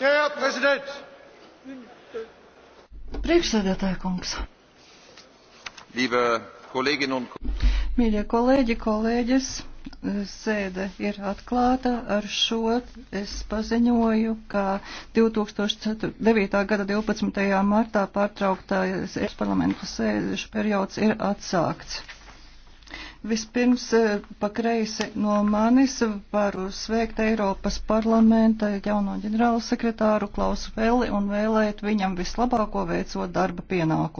Herr Präsident! Priekšsēdētāja kungs. Liebe Kolleginnen un Kollegen. Mīļie kolēģi, kolēģis, sēde ir atklāta. Ar šo es paziņoju, ka 2009. gada 12. martā pārtrauktā Eiropas parlamenta sēdešu periods ir atsākts. Vispirms eh, pa kreisi no manis varu sveikt Eiropas parlamenta jauno ģenerālsekretāru Klausu Veli un vēlēt viņam vislabāko veicot darba pienākumu.